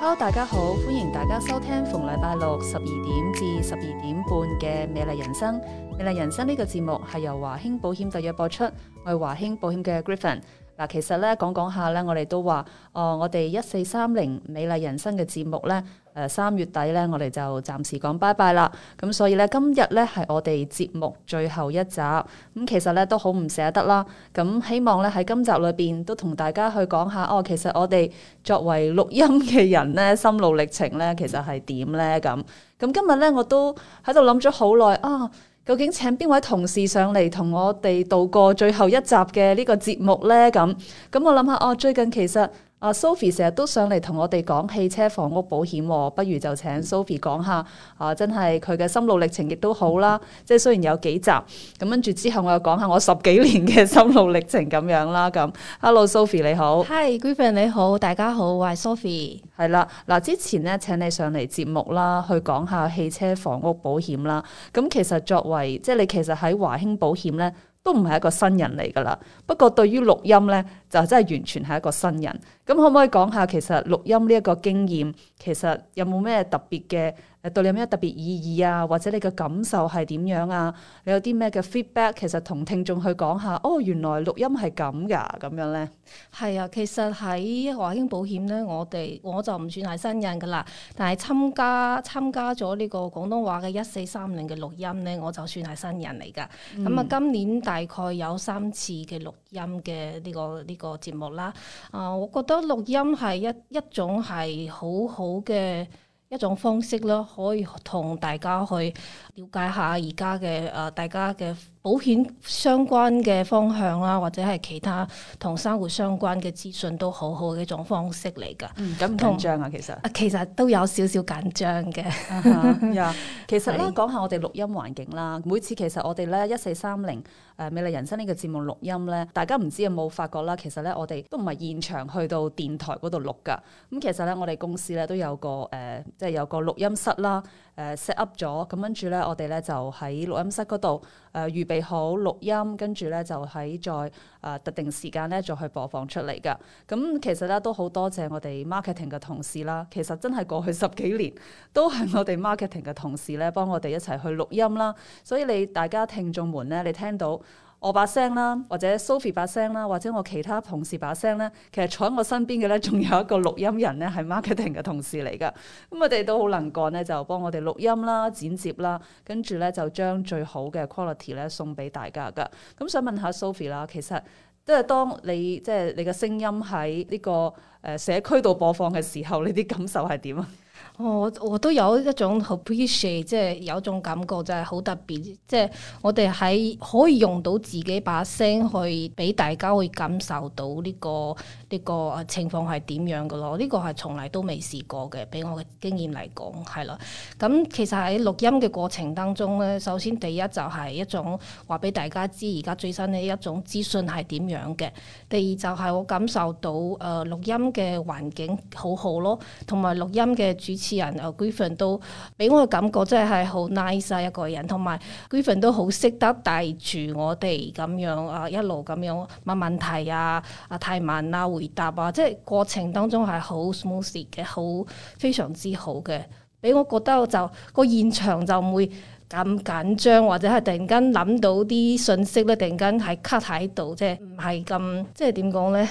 Hello 大家好，歡迎大家收聽逢禮拜六十二點至十二點半嘅《美麗人生》。《美麗人生》呢個節目係由華興保險特約播出，我係華興保險嘅 Griffin。嗱，其實咧講講下咧，我哋都話，哦，我哋一四三零美麗人生嘅節目咧，誒、呃、三月底咧，我哋就暫時講拜拜啦。咁、嗯、所以咧，今日咧係我哋節目最後一集。咁、嗯、其實咧都好唔捨得啦。咁、嗯、希望咧喺今集裏邊都同大家去講下，哦，其實我哋作為錄音嘅人咧，心路歷程咧，其實係點咧？咁、嗯、咁、嗯、今日咧我都喺度諗咗好耐啊！究竟請邊位同事上嚟同我哋度過最後一集嘅呢個節目呢？咁咁我諗下，哦，最近其實。啊，Sophie 成日都上嚟同我哋講汽車、房屋保險喎，不如就請 Sophie 講下啊，真係佢嘅心路歷程亦都好啦。即係雖然有幾集，咁跟住之後我又講下我十幾年嘅心路歷程咁樣啦。咁，Hello，Sophie 你好，Hi，Gavin 你好，大家好，我係 Sophie。係啦，嗱，之前咧請你上嚟節目啦，去講下汽車、房屋保險啦。咁其實作為即係你其實喺華興保險咧，都唔係一個新人嚟噶啦。不過對於錄音咧。就真係完全係一個新人，咁可唔可以講下其實錄音呢一個經驗，其實有冇咩特別嘅？誒，對你有咩特別意義啊？或者你嘅感受係點樣啊？你有啲咩嘅 feedback？其實同聽眾去講下，哦，原來錄音係咁㗎，咁樣呢？係啊，其實喺華興保險呢，我哋我就唔算係新人㗎啦，但係參加參加咗呢個廣東話嘅一四三零嘅錄音呢，我就算係新人嚟㗎。咁啊，今年大概有三次嘅錄音嘅呢個呢，個節目啦，啊、呃，我覺得錄音係一一種係好好嘅。一種方式咯，可以同大家去了解下而家嘅誒，大家嘅保險相關嘅方向啦，或者係其他同生活相關嘅資訊都好好嘅一種方式嚟㗎。嗯，咁緊張啊，和其實其實都有少少緊張嘅。其實咧， 講下我哋錄音環境啦。每次其實我哋咧一四三零誒美麗人生呢個節目錄音咧，大家唔知有冇發覺啦？其實咧，我哋都唔係現場去到電台嗰度錄㗎。咁其實咧，我哋公司咧都有個誒。呃呃即係有個錄音室啦，誒 set up 咗，咁跟住呢，我哋呢就喺錄音室嗰度誒預備好錄音，跟住呢就喺再誒、呃、特定時間呢再去播放出嚟噶。咁、嗯、其實呢都好多謝我哋 marketing 嘅同事啦。其實真係過去十幾年都係我哋 marketing 嘅同事呢幫我哋一齊去錄音啦。所以你大家聽眾們呢，你聽到，我把聲啦，或者 Sophie 把聲啦，或者我其他同事把聲呢。其實坐喺我身邊嘅呢，仲有一個錄音人呢，係 marketing 嘅同事嚟噶。咁我哋都好能幹呢，就幫我哋錄音啦、剪接啦，跟住呢，就將最好嘅 quality 呢，送俾大家噶。咁想問下 Sophie 啦，其實即係當你即係你嘅聲音喺呢個誒社區度播放嘅時候，你啲感受係點啊？我、哦、我都有一種好 appreciate 即係有種感覺，就係、是、好特別。即、就、係、是、我哋喺可以用到自己把聲，去以俾大家去感受到呢、這個呢、這個情況係點樣嘅咯。呢、這個係從來都未試過嘅，俾我嘅經驗嚟講，係啦。咁、嗯、其實喺錄音嘅過程當中呢，首先第一就係一種話俾大家知而家最新嘅一種資訊係點樣嘅。第二就係我感受到誒錄、呃、音嘅環境好好咯，同埋錄音嘅。主持人啊 Griffin 都俾我嘅感覺真係好 nice 啊，一個人同埋 Griffin 都好識得帶住我哋咁樣啊，一路咁樣問問題啊、啊提問啊、回答啊，即係過程當中係好 smooth 嘅，好非常之好嘅，俾我覺得就個現場就唔會咁緊張，或者係突然間諗到啲信息咧，突然間係 cut 喺度，即係唔係咁即係點講咧？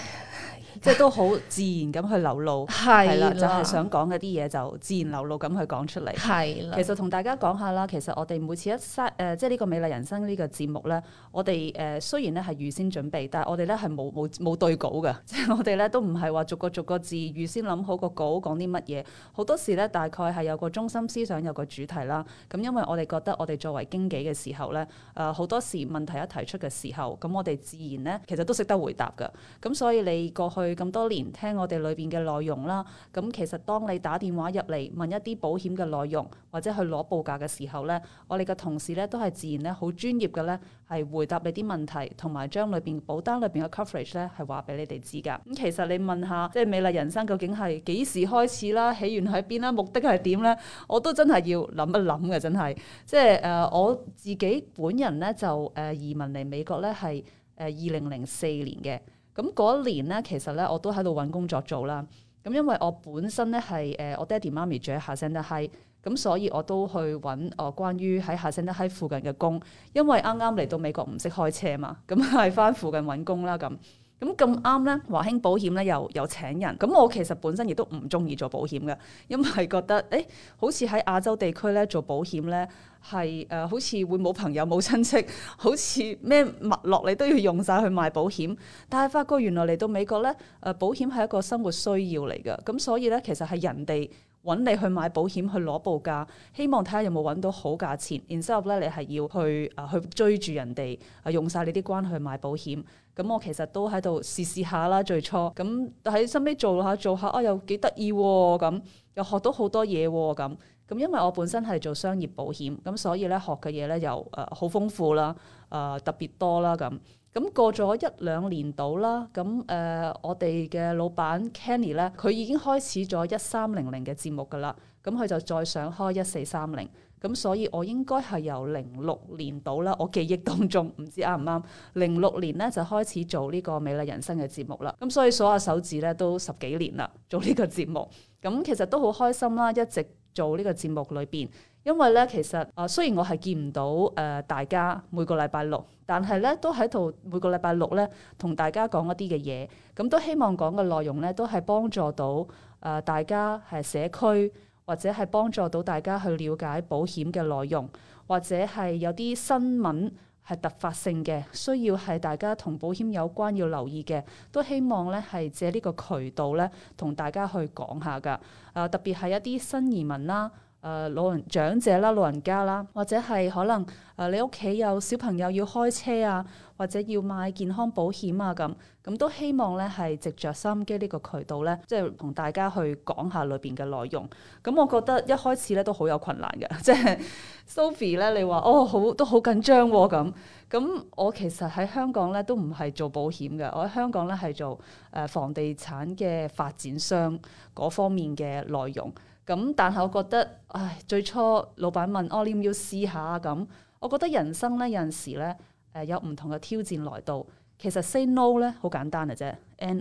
即係都好自然咁去流露，係啦，啦就係想講啲嘢就自然流露咁去講出嚟，係啦。其實同大家講下啦，其實我哋每次一生誒、呃，即係、這、呢個美麗人生呢、這個節目咧，我哋誒、呃、雖然咧係預先準備，但係我哋咧係冇冇冇對稿嘅，即 係我哋咧都唔係話逐個逐個字預先諗好個稿講啲乜嘢。好多時咧，大概係有個中心思想，有個主題啦。咁因為我哋覺得我哋作為經紀嘅時候咧，誒、呃、好多時問題一提出嘅時候，咁我哋自然咧其實都識得回答嘅。咁所以你過去。佢咁多年聽我哋裏邊嘅內容啦，咁其實當你打電話入嚟問一啲保險嘅內容或者去攞報價嘅時候呢，我哋嘅同事呢都係自然呢好專業嘅呢，係回答你啲問題，同埋將裏邊保單裏邊嘅 coverage 呢係話俾你哋知㗎。咁其實你問下，即係美麗人生究竟係幾時開始啦？起源喺邊啦？目的係點呢？我都真係要諗一諗嘅，真係。即係誒，我自己本人呢，就誒移民嚟美國呢，係誒二零零四年嘅。咁嗰一年咧，其實咧我都喺度揾工作做啦。咁因為我本身咧係誒我爹哋媽咪住喺夏森德溪，咁所以我都去揾我、呃、關於喺夏森德溪附近嘅工，因為啱啱嚟到美國唔識開車嘛，咁係返附近揾工啦咁。咁咁啱呢華興保險呢，又有請人。咁、嗯、我其實本身亦都唔中意做保險嘅，因為覺得誒、欸，好似喺亞洲地區呢做保險呢，係誒、呃，好似會冇朋友冇親戚，好似咩物落你都要用晒去買保險。但係發覺原來嚟到美國呢，誒、呃、保險係一個生活需要嚟嘅。咁、嗯、所以呢，其實係人哋。揾你去買保險去攞報價，希望睇下有冇揾到好價錢。然之後咧，你係要去啊，去追住人哋啊，用晒你啲關去買保險。咁我其實都喺度試試下啦，最初咁喺身邊做下做下啊，又幾得意喎，咁又學到好多嘢喎、哦，咁。咁因為我本身係做商業保險，咁所以咧學嘅嘢咧又誒好、呃、豐富啦，誒、呃、特別多啦咁。咁過咗一兩年到啦，咁誒、呃、我哋嘅老闆 Kenny 咧，佢已經開始咗一三零零嘅節目噶啦，咁佢就再想開一四三零，咁所以我應該係由零六年到啦，我記憶當中唔知啱唔啱？零六年咧就開始做呢個美麗人生嘅節目啦，咁所以數下手指咧都十幾年啦，做呢個節目，咁其實都好開心啦，一直。做呢個節目裏邊，因為咧其實啊、呃，雖然我係見唔到誒、呃、大家每個禮拜六，但係咧都喺度每個禮拜六咧同大家講一啲嘅嘢，咁、嗯、都希望講嘅內容咧都係幫助到啊、呃、大家係社區或者係幫助到大家去了解保險嘅內容，或者係有啲新聞。係突發性嘅，需要係大家同保險有關要留意嘅，都希望咧係借呢個渠道咧同大家去講下㗎，啊、呃、特別係一啲新移民啦。誒老人長者啦、老人家啦，或者係可能誒、呃、你屋企有小朋友要開車啊，或者要買健康保險啊，咁咁都希望咧係藉着心機呢個渠道咧，即係同大家去講下裏邊嘅內容。咁我覺得一開始咧都好有困難嘅，即係 Sophie 咧，你話哦都好都好緊張喎、哦、咁。咁我其實喺香港咧都唔係做保險嘅，我喺香港咧係做誒、呃、房地產嘅發展商嗰方面嘅內容。咁但係我覺得，唉，最初老闆問我、哦、你要唔要試下咁、啊，我覺得人生咧有陣時咧，誒、呃、有唔同嘅挑戰來到，其實 say no 咧好簡單嘅啫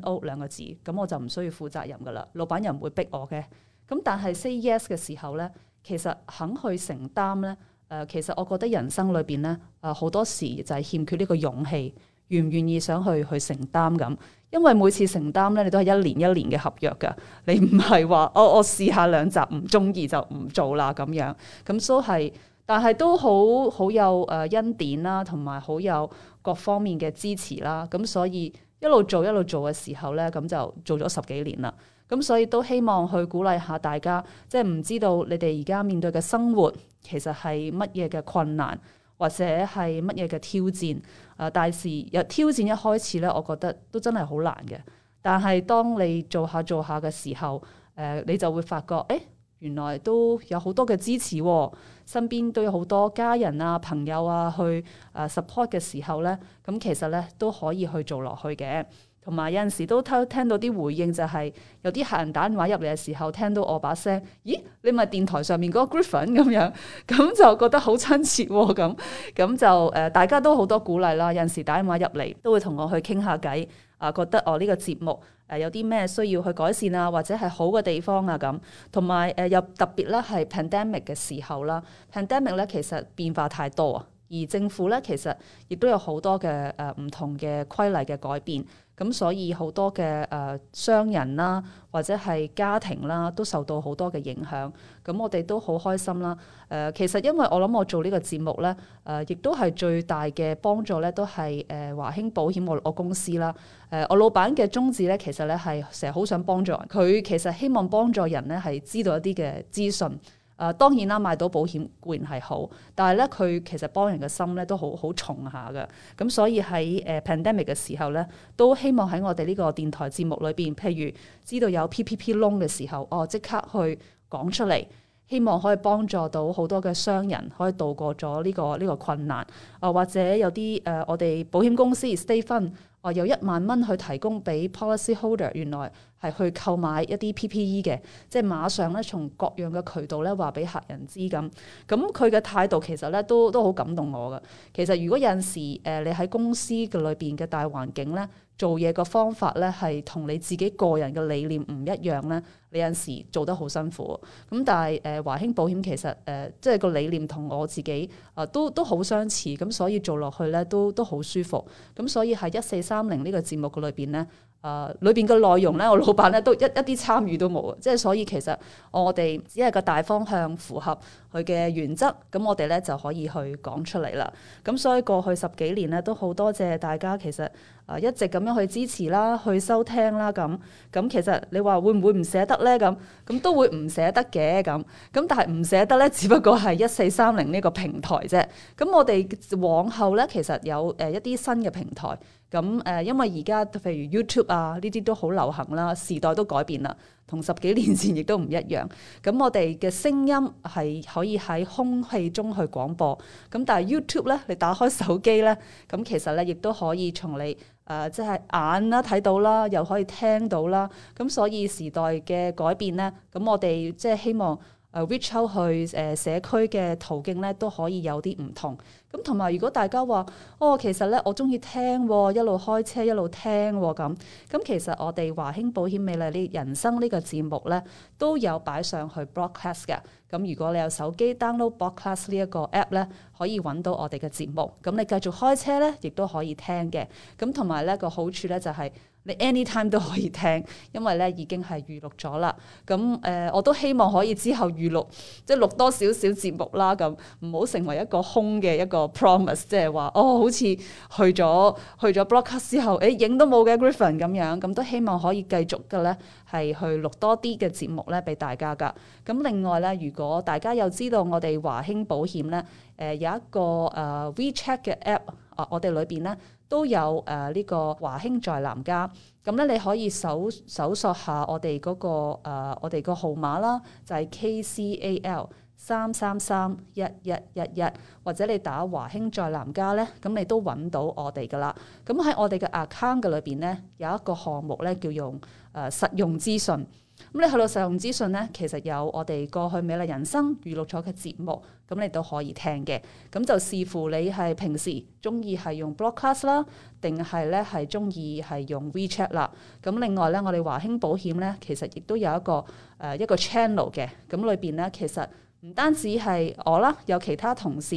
，no 兩個字，咁我就唔需要負責任噶啦，老闆又唔會逼我嘅。咁但係 say yes 嘅時候咧，其實肯去承擔咧，誒、呃、其實我覺得人生裏邊咧，誒、呃、好多時就係欠缺呢個勇氣，願唔願意想去去承擔咁。因為每次承擔咧，你都係一年一年嘅合約噶，你唔係話我我試下兩集唔中意就唔做啦咁樣。咁都係，但係都好好有誒恩、呃、典啦，同埋好有各方面嘅支持啦。咁所以一路做一路做嘅時候咧，咁就做咗十幾年啦。咁所以都希望去鼓勵下大家，即係唔知道你哋而家面對嘅生活其實係乜嘢嘅困難，或者係乜嘢嘅挑戰啊、呃。但係有挑戰一開始咧，我覺得都真係好難嘅。但係當你做下做下嘅時候，誒、呃、你就會發覺，誒、欸、原來都有好多嘅支持、哦，身邊都有好多家人啊、朋友啊去誒、呃、support 嘅時候咧，咁、嗯、其實咧都可以去做落去嘅。同埋有陣時都偷聽到啲回應，就係有啲客人打電話入嚟嘅時候，聽到我把聲，咦，你咪電台上面嗰個 Griffin 咁樣，咁就覺得好親切喎、哦，咁咁就誒大家都好多鼓勵啦。有陣時打電話入嚟都會同我去傾下偈，啊，覺得哦呢個節目誒有啲咩需要去改善啊，或者係好嘅地方啊咁。同埋誒又特別啦係 pandemic 嘅時候啦，pandemic 咧其實變化太多啊，而政府咧其實亦都有好多嘅誒唔同嘅規例嘅改變。咁、嗯、所以好多嘅誒、呃、商人啦，或者係家庭啦，都受到好多嘅影響，咁、嗯、我哋都好開心啦。誒、呃，其實因為我諗我做個呢個節目咧，誒、呃，亦都係最大嘅幫助咧，都係誒華興保險我我公司啦。誒、呃，我老闆嘅宗旨咧，其實咧係成日好想幫助人。佢其實希望幫助人咧，係知道一啲嘅資訊。啊，uh, 當然啦，買到保險固然係好，但係咧，佢其實幫人嘅心咧都好好重下嘅。咁、嗯、所以喺誒、uh, pandemic 嘅時候咧，都希望喺我哋呢個電台節目裏邊，譬如知道有 PPP loan 嘅時候，哦，即刻去講出嚟，希望可以幫助到好多嘅商人可以度過咗呢、呢個呢、呢個困難。啊、哦，或者有啲誒、呃，我哋保險公司 stay Fund 啊、哦，由一萬蚊去提供俾 policy holder，原來。係去購買一啲 PPE 嘅，即係馬上咧從各樣嘅渠道咧話俾客人知咁。咁佢嘅態度其實咧都都好感動我㗎。其實如果有陣時誒你喺公司嘅裏邊嘅大環境咧做嘢嘅方法咧係同你自己個人嘅理念唔一樣咧，你有陣時做得好辛苦。咁但係誒華興保險其實誒即係個理念同我自己啊都都好相似，咁所以做落去咧都都好舒服。咁所以喺一四三零呢個節目嘅裏邊咧，啊！裏邊嘅內容呢，我老闆呢都一一啲參與都冇，即係所以其實我哋只係個大方向符合佢嘅原則，咁我哋呢就可以去講出嚟啦。咁所以過去十幾年呢，都好多謝大家，其實。啊，一直咁樣去支持啦，去收聽啦，咁咁其實你話會唔會唔捨得呢？咁咁都會唔捨得嘅，咁咁但係唔捨得呢？只不過係一四三零呢個平台啫。咁我哋往後呢，其實有誒一啲新嘅平台。咁誒，因為而家譬如 YouTube 啊，呢啲都好流行啦，時代都改變啦，同十幾年前亦都唔一樣。咁我哋嘅聲音係可以喺空氣中去廣播。咁但係 YouTube 呢，你打開手機呢，咁其實呢，亦都可以從你。誒、呃，即係眼啦睇到啦，又可以聽到啦，咁、嗯、所以時代嘅改變咧，咁、嗯、我哋即係希望。誒 reach out 去社區嘅途徑咧都可以有啲唔同咁，同、嗯、埋如果大家話哦，其實咧我中意聽、哦、一路開車一路聽咁、哦、咁、嗯，其實我哋華興保險美麗呢人生呢個節目咧都有擺上去 broadcast 嘅。咁、嗯、如果你有手機 download broadcast 呢一個 app 咧，可以揾到我哋嘅節目。咁、嗯、你繼續開車咧，亦都可以聽嘅。咁同埋咧，個好處咧就係、是。anytime 都可以聽，因為咧已經係預錄咗啦。咁誒、呃，我都希望可以之後預錄，即係錄多少少節目啦。咁唔好成為一個空嘅一個 promise，即係話哦，好似去咗去咗 block 之後，誒、欸、影都冇嘅 Griffin 咁樣。咁、嗯、都希望可以繼續嘅咧，係去錄多啲嘅節目咧，俾大家噶。咁另外咧，如果大家又知道我哋華興保險咧，誒、呃、有一個誒、uh, WeChat 嘅 app，啊，我哋裏邊咧。都有誒呢個華興在南家，咁咧你可以搜搜索下我哋嗰、那個、呃、我哋個號碼啦，就係、是、K C A L 三三三一一一一，或者你打華興在南家咧，咁你都揾到我哋噶啦。咁喺我哋嘅 account 嘅裏邊咧，有一個項目咧叫用誒、呃、實用資訊。咁你去到實用資訊咧，其實有我哋過去美麗人生娛樂台嘅節目。咁你都可以聽嘅，咁就視乎你係平時中意係用 broadcast 啦，定係咧係中意係用 WeChat 啦。咁另外咧，我哋華興保險咧，其實亦都有一個誒、呃、一個 channel 嘅，咁裏邊咧其實唔單止係我啦，有其他同事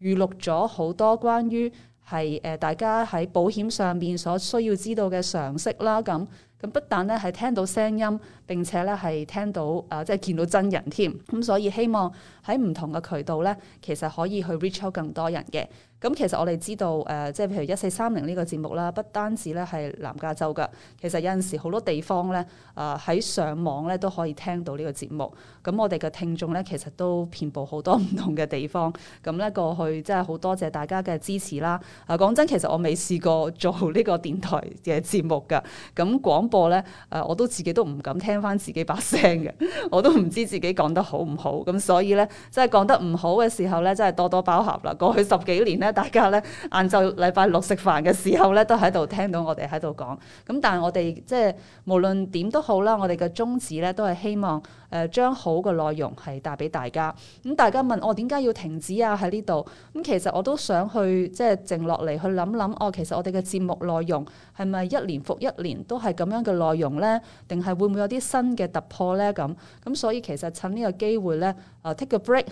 預錄咗好多關於係誒、呃、大家喺保險上面所需要知道嘅常識啦，咁。咁不但咧係聽到聲音，並且咧係聽到誒、呃、即係見到真人添，咁、嗯、所以希望喺唔同嘅渠道咧，其實可以去 reach out 更多人嘅。咁其實我哋知道，誒、呃，即係譬如一四三零呢個節目啦，不單止咧係南加州㗎，其實有陣時好多地方咧，啊、呃，喺上網咧都可以聽到呢個節目。咁、嗯、我哋嘅聽眾咧，其實都遍佈好多唔同嘅地方。咁、嗯、咧過去真係好多謝大家嘅支持啦。啊、講真，其實我未試過做呢個電台嘅節目㗎。咁、嗯、廣播咧，誒、呃，我都自己都唔敢聽翻自己把聲嘅，我都唔知自己講得好唔好。咁、嗯、所以咧，真係講得唔好嘅時候咧，真係多多包涵啦。過去十幾年咧。大家咧晏晝禮拜六食飯嘅時候咧，都喺度聽到我哋喺度講。咁但係我哋即係無論點都好啦，我哋嘅宗旨咧都係希望誒、呃、將好嘅內容係帶俾大家。咁、嗯、大家問我點解要停止啊？喺呢度咁其實我都想去即係靜落嚟去諗諗，哦，其實我哋嘅節目內容係咪一年復一年都係咁樣嘅內容呢？定係會唔會有啲新嘅突破呢？咁咁、嗯、所以其實趁呢個機會咧，誒、呃、take a break。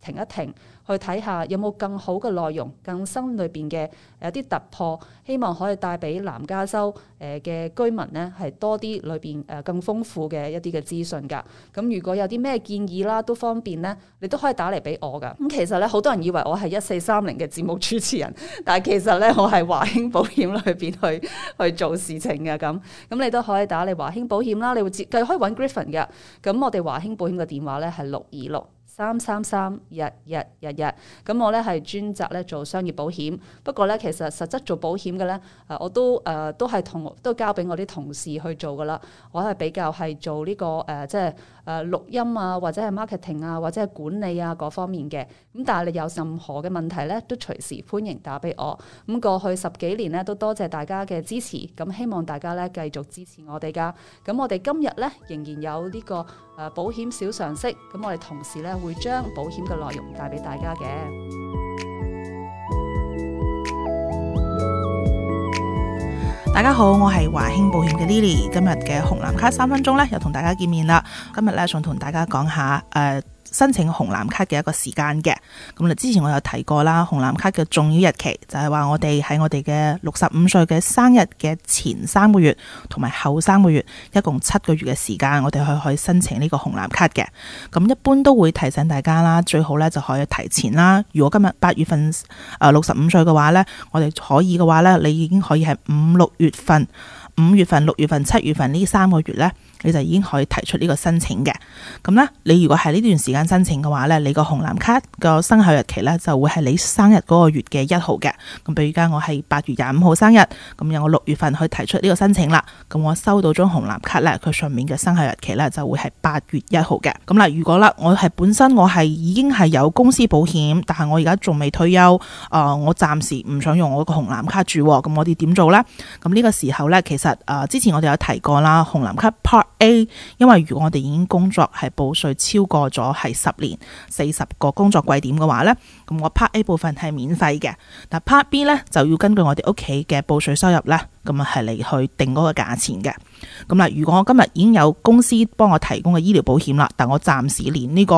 停一停，去睇下有冇更好嘅內容，更新裏邊嘅有啲突破，希望可以帶俾南加州誒嘅居民呢，係多啲裏邊誒更豐富嘅一啲嘅資訊噶。咁如果有啲咩建議啦，都方便呢，你都可以打嚟俾我噶。咁其實咧，好多人以為我係一四三零嘅節目主持人，但係其實咧，我係華興保險裏邊去去做事情嘅。咁咁，你都可以打嚟華興保險啦。你會接，可以揾 Griffin 嘅。咁我哋華興保險嘅電話咧，係六二六。三三三日日日日，咁我咧係專責咧做商業保險，不過咧其實實質做保險嘅咧，誒我都誒、呃、都係同都交俾我啲同事去做噶啦，我係比較係做呢、呢個誒、呃、即係誒錄音啊，或者係 marketing 啊，或者係管理啊嗰方面嘅，咁但係你有任何嘅問題咧，都隨時歡迎打俾我。咁過去十幾年咧都多謝大家嘅支持，咁希望大家咧繼續支持我哋噶，咁我哋今日咧仍然有呢、呢個。啊，保險小常識，咁我哋同時咧會將保險嘅內容帶俾大家嘅。大家好，我係華興保險嘅 Lily，今日嘅紅藍卡三分鐘咧又同大家見面啦。今日咧想同大家講下誒。呃申請紅藍卡嘅一個時間嘅，咁你之前我有提過啦，紅藍卡嘅重要日期就係話我哋喺我哋嘅六十五歲嘅生日嘅前三個月同埋後三個月，一共七個月嘅時間，我哋去可以申請呢個紅藍卡嘅。咁一般都會提醒大家啦，最好呢就可以提前啦。如果今日八月份誒六十五歲嘅話呢，我哋可以嘅話呢，你已經可以係五六月份、五月份、六月份、七月份呢三個月呢。你就已經可以提出呢個申請嘅，咁呢，你如果係呢段時間申請嘅話呢，你個紅藍卡個生效日期呢，就會係你生日嗰個月嘅一號嘅。咁比如而家我係八月廿五號生日，咁有我六月份去提出呢個申請啦，咁我收到張紅藍卡呢，佢上面嘅生效日期呢，就會係八月一號嘅。咁啦，如果啦我係本身我係已經係有公司保險，但係我而家仲未退休，啊、呃、我暫時唔想用我個紅藍卡住，咁我哋點做呢？咁呢個時候呢，其實啊、呃、之前我哋有提過啦，紅藍卡 part A，因為如果我哋已經工作係報稅超過咗係十年四十個工作季點嘅話呢。咁我 part A 部分係免費嘅，但 part B 咧，就要根據我哋屋企嘅報稅收入咧，咁啊係嚟去定嗰個價錢嘅。咁啦，如果我今日已經有公司幫我提供嘅醫療保險啦，但我暫時連呢個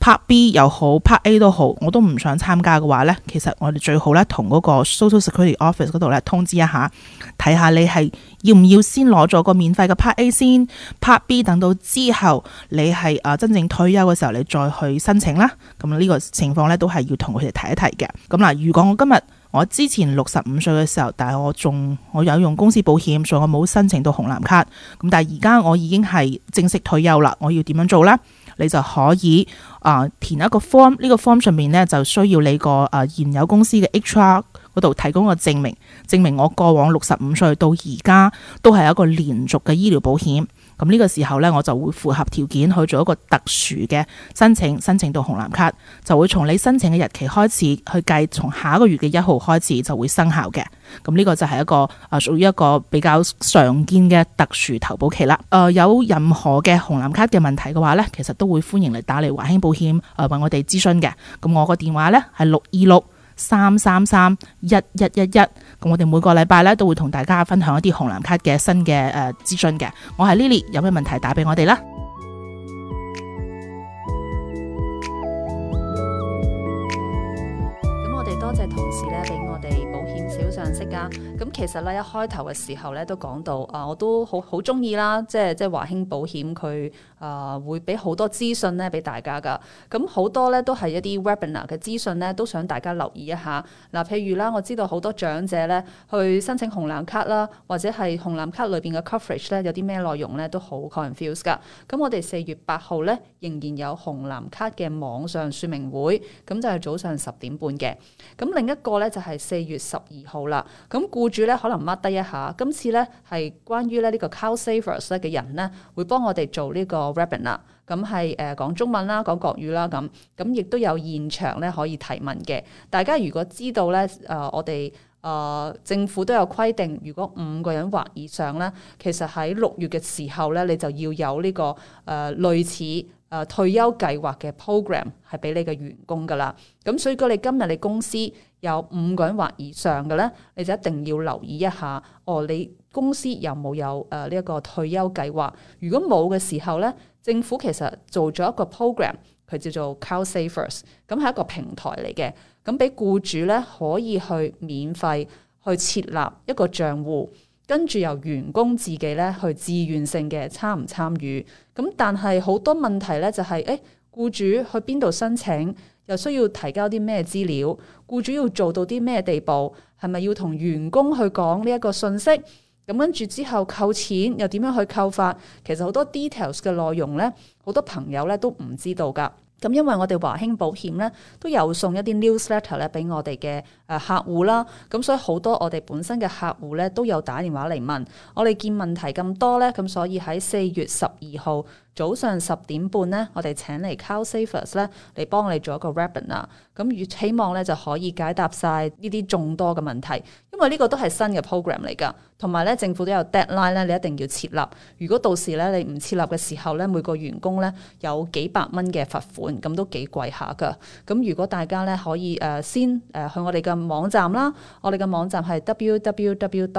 part B 又好 part A 都好，我都唔想參加嘅話咧，其實我哋最好咧同嗰個 social security office 度咧通知一下，睇下你係要唔要先攞咗個免費嘅 part A 先，part B 等到之後你係啊真正退休嘅時候你再去申請啦。咁啊呢個情況咧都係要同。我哋嚟提一提嘅咁，嗱，如果我今日我之前六十五歲嘅時候，但係我仲我有用公司保險，所以我冇申請到紅藍卡。咁但係而家我已經係正式退休啦，我要點樣做咧？你就可以啊、呃，填一個 form。呢個 form 上面咧就需要你個誒、呃、現有公司嘅 HR 嗰度提供個證明，證明我過往六十五歲到而家都係一個連續嘅醫療保險。咁呢個時候呢，我就會符合條件去做一個特殊嘅申請，申請到紅藍卡，就會從你申請嘅日期開始去計，從下個月嘅一號開始就會生效嘅。咁、這、呢個就係一個啊、呃、屬於一個比較常見嘅特殊投保期啦。誒、呃，有任何嘅紅藍卡嘅問題嘅話呢，其實都會歡迎嚟打嚟華興保險誒搵，呃、我哋諮詢嘅。咁、呃、我個電話呢係六二六。三三三一一一一，咁我哋每個禮拜咧都會同大家分享一啲紅藍卡嘅新嘅誒資訊嘅，我係 Lily，有咩問題打俾我哋啦。咁我哋多謝同事咧。識啊！咁、嗯、其實咧，一開頭嘅時候咧，都講到啊，我都好好鍾意啦，即係即係華興保險佢啊、呃，會俾好多資訊咧俾大家㗎。咁、嗯、好多咧都係一啲 webinar 嘅資訊咧，都想大家留意一下嗱、啊。譬如啦，我知道好多長者咧去申請紅藍卡啦，或者係紅藍卡裏邊嘅 coverage 咧，有啲咩內容咧都好 confused 㗎。咁、嗯、我哋四月八號咧仍然有紅藍卡嘅網上説明會，咁、嗯、就係、是、早上十點半嘅。咁、嗯、另一個咧就係四月十二號啦。咁僱主咧可能 mark 低一下，今次咧係關於咧呢個 CalSavers 咧嘅人咧，會幫我哋做呢個 webinar 啦。咁係誒講中文啦，講國語啦，咁咁亦都有現場咧可以提問嘅。大家如果知道咧，誒、呃、我哋誒、呃、政府都有規定，如果五個人或以上咧，其實喺六月嘅時候咧，你就要有呢、這個誒、呃、類似誒、呃、退休計劃嘅 program 係俾你嘅員工噶啦。咁、嗯、所以佢哋今日你公司。有五個人或以上嘅咧，你就一定要留意一下。哦，你公司有冇有誒呢一個退休計劃？如果冇嘅時候咧，政府其實做咗一個 program，佢叫做 CalSavers，咁係一個平台嚟嘅。咁俾僱主咧可以去免費去設立一個賬戶，跟住由員工自己咧去自願性嘅參唔參與。咁但係好多問題咧就係、是、誒。誒僱主去邊度申請，又需要提交啲咩資料？僱主要做到啲咩地步？係咪要同員工去講呢一個信息？咁跟住之後扣錢又點樣去扣法？其實好多 details 嘅內容呢，好多朋友呢都唔知道噶。咁因為我哋華興保險呢，都有送一啲 newsletter 咧俾我哋嘅誒客戶啦，咁所以好多我哋本身嘅客戶呢，都有打電話嚟問。我哋見問題咁多呢，咁所以喺四月十二號。早上十點半咧，我哋請嚟 CalSavers 咧嚟幫你做一個 rebuttal，咁越希望咧就可以解答晒呢啲眾多嘅問題，因為呢個都係新嘅 program 嚟㗎，同埋咧政府都有 deadline 咧，你一定要設立。如果到時咧你唔設立嘅時候咧，每個員工咧有幾百蚊嘅罰款，咁、嗯、都幾貴下㗎。咁、嗯、如果大家咧可以誒、呃、先誒、呃、去我哋嘅網站啦，我哋嘅網站係 www.kcal.net。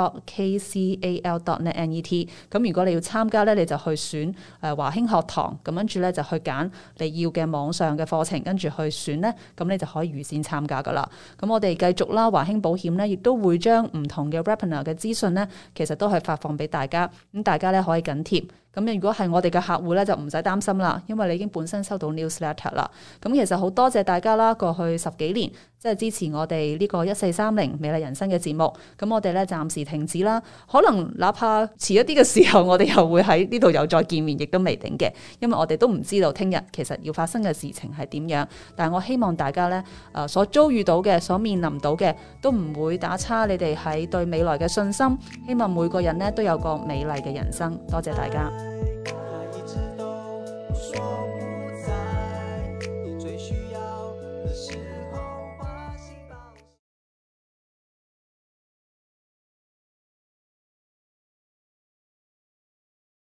咁如果你要參加咧，你就去選誒華、呃、興。學堂。咁跟住咧就去揀你要嘅網上嘅課程，跟住去選咧，咁你就可以預先參加噶啦。咁我哋繼續啦，華興保險咧亦都會將唔同嘅 webinar 嘅資訊咧，其實都係發放俾大家，咁大家咧可以緊貼。咁如果係我哋嘅客戶咧，就唔使擔心啦，因為你已經本身收到 newsletter 啦。咁其實好多謝大家啦，過去十幾年即係支持我哋呢個一四三零美麗人生嘅節目。咁我哋咧暫時停止啦，可能哪怕遲一啲嘅時候，我哋又會喺呢度又再見面，亦都未定嘅，因為我哋都唔知道聽日其實要發生嘅事情係點樣。但係我希望大家呢，誒、呃、所遭遇到嘅、所面臨到嘅，都唔會打差你哋喺對未來嘅信心。希望每個人呢，都有個美麗嘅人生。多謝大家。跟他一直都不說。